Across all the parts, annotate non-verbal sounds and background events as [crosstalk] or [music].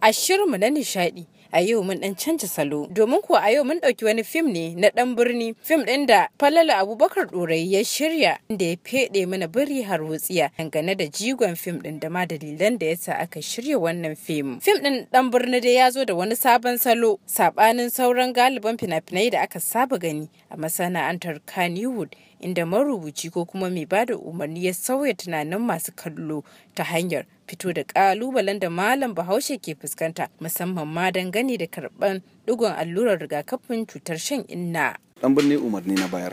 A shirinmu na nishaɗi a yau mun dan canja salo domin kuwa a yau mun dauki wani fim ne na dan birni fim din da falala abubakar dorai ya shirya inda ya fede mana biri har wutsiya dangane da jigon fim din da ma dalilan da yasa aka shirya wannan fim fim din dan birni dai ya zo da wani sabon salo sabanin sauran galiban fina-finai da aka saba gani a masana'antar kannywood inda marubuci ko kuma mai bada umarni ya sauya tunanin masu kallo ta hanyar fito da kalubalen da malam bahaushe ke fuskanta musamman ma dangane da karban digon allurar rigakafin cutar shan inna dan birni umarni na bayar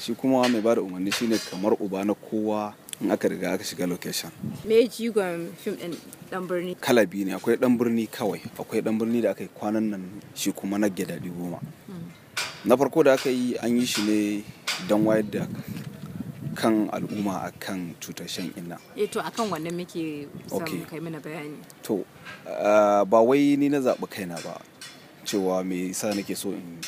shi kuma mai bada umarni shine kamar uba na kowa in aka riga aka shiga location me jigon fim din dan birni kala biyu ne akwai dan birni kawai akwai dan birni da aka yi kwanan nan shi kuma na gida goma hmm. na farko da aka yi an yi shi ne don wayar da kan al'umma akan cutar shan inna. E to akan wannan muke son kai mana bayani. To ah, ba wai ni na zaɓi kaina ba cewa me yasa nake so in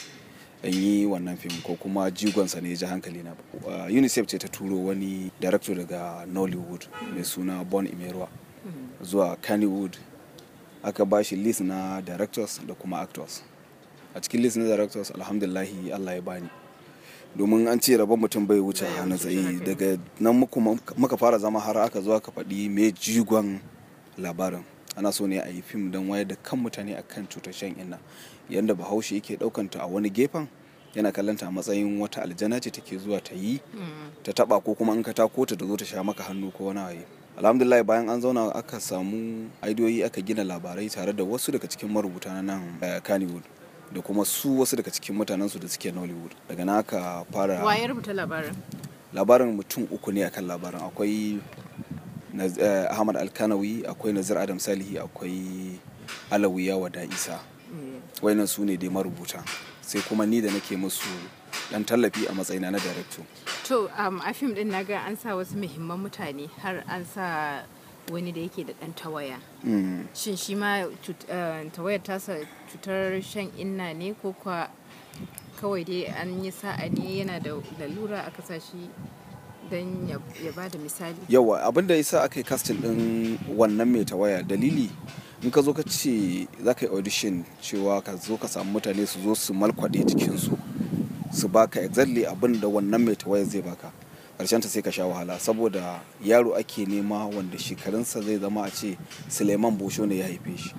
yi wannan fim ko kuma jigonsa ne ji hankali na ba. Ah, UNICEF ce ta turo wani director daga Nollywood mai suna Bon Imerwa hmm. zuwa Kannywood aka ba shi list na directors da kuma actors. A cikin list na directors alhamdulahi Allah ya bani. domin an ce rabon mutum bai wuce na tsaye eh, daga nan muka fara zama har aka zo ka faɗi mai jigon labarin ana so ne a yi fim don wayar da kan mutane akan cutar shan inna yadda bahaushe yake ɗaukanta a wani gefen yana kallanta a matsayin wata aljana ce take zuwa ta yi ta taba ko kuma in ka ta ta da zo ta sha maka hannu ko wani waye alhamdulillah bayan an zauna aka samu aidiyoyi aka gina labarai tare da wasu daga cikin marubuta na nan eh, kannywood da kuma su wasu daga cikin mutanensu da suke nollywood daga na aka fara wayar rubuta labarin labarin mutum uku ne akan labarin akwai eh, ahmad alkanawi akwai nazir adam salihi akwai alawiya wada isa mm. wayannan su ne dai marubuta sai kuma ni da nake musu dan tallafi a matsayina na director to um, a fim din naga an sa wasu muhimman mutane har an sa wani da yake da ɗan tawaya mm. shin shi ma eh, tawayar tasa cutar shan inna ne ko kwa kawai dai an yi sa'a ne yana da lalura a kasashe don ya ba da misali yawa abinda sa aka yi casting din wannan mai tawaya dalili in ka zo ka ce za ka yi audition cewa ka zo ka samu mutane su zo su malkwade jikinsu su baka exactly abin da wannan mai tawaya zai baka karshen ta sai ka sha wahala saboda yaro ake nema wanda shekarunsa zai zama a ce suleiman bosho ne ya haife shi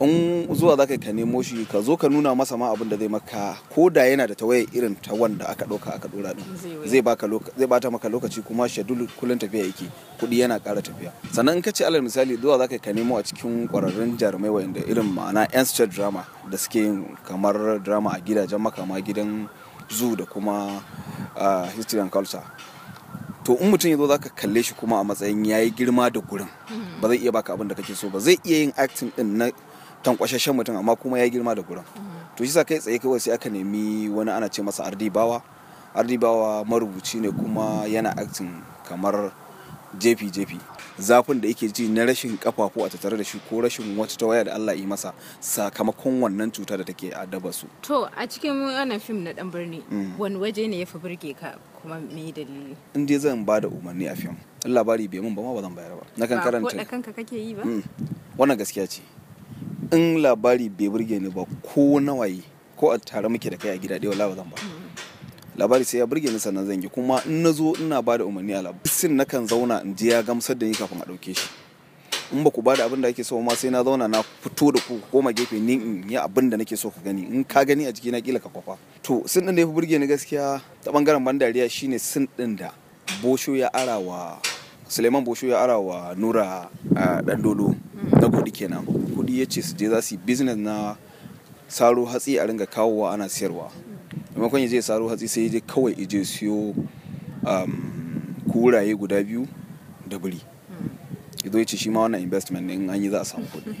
in zuwa za ka nemo shi ka zo ka nuna masa ma abin da zai maka ko da yana da tawaye irin ta wanda aka ɗauka aka ɗora ɗin zai bata maka lokaci kuma shadul kullum tafiya yake kuɗi yana ƙara tafiya sannan in ka ce alal misali zuwa za ka nemo a cikin ƙwararrun jarumai wanda irin ma'ana yan drama da suke yin kamar drama a gidajen makama gidan zu da kuma a history and culture to in mutum ya zo zaka kalle shi kuma a matsayin ya yi girma da gurin hmm. ba zai iya baka abin da kake so ba zai iya yin acting din na tankwashashen mutum amma kuma ya yi girma da gurin hmm. to shi sa kai tsaye kawai sai aka nemi wani ana ce masa ardibawa ardibawa marubuci ne kuma yana acting kamar jefi-jefi zafin da yake ji na rashin kafafu a tattare da shi ko rashin wata tawaya da Allah yi masa sakamakon wannan cuta da take addaba su. To a cikin wannan fim na dan birni mm. wani waje ne ya fi burge ka kuma me dalili? In dai zan ba da umarni a fim. In labari bai mun ba ma ba zan bayar ba. Na kan karanta. Ba ko da kanka kake yi ba? Mm. Wannan gaskiya ce. In labari bai burge ni ba ko yi ko a tare muke da kai a gida dai wallahi ba zan ba. Mm. labari sai ya burge ni sannan zan yi kuma in na zo ina ba da umarni a labari sin nakan zauna in je ya gamsar da ni kafin a ɗauke shi in ba ku ba da abin da ake so ma sai na zauna na fito da ku koma gefe ni in yi abin da nake so ka gani in ka gani a jiki na kila ka kwafa to sin din da ya fi burge ni gaskiya ta bangaren ban shine sin din da bosho ya arawa suleiman bosho ya ara wa nura dan dolo hmm. na kudi kenan kudi ya ce su je za su yi business na saro hatsi a ringa kawowa ana siyarwa maimakon ya je saro hatsi sai ya je kawai ya siyo um, kuraye guda biyu da biri ya zo ya ce shi ma wannan investment ne in an yi za a samu kudi [laughs]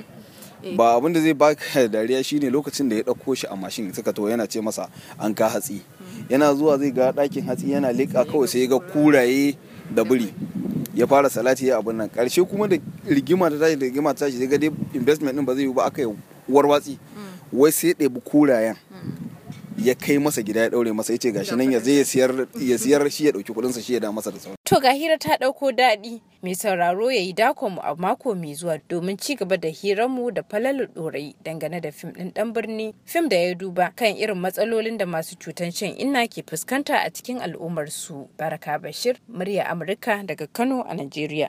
eh. ba abin da zai baka dariya shi ne lokacin da ya ɗauko shi a mashin suka to yana ce masa an ka hatsi hmm. yana zuwa zai ga dakin hatsi yana leƙa kawai sai ya ga kuraye da biri ya fara salati ya abin nan ƙarshe kuma da rigima ta tashi da rigima ta tashi sai ga dai investment din ba zai yi ba aka yi warwatsi hmm. wai sai ɗebi kurayen hmm. ya kai masa gida ya daure masa yace gashi nan ya zai siyar ya siyar shi ya dauki kudin sa shi ya da masa da sauran to ga hira ta dauko daɗi mai sauraro yayi dakon mu a mako mai zuwa domin ci gaba da hirar mu da falalu dorai dangane da fim ɗin dan birni fim da ya duba kan irin matsalolin da masu cutan shan inna ke fuskanta a cikin al'ummar su baraka bashir murya amurka daga kano a najeriya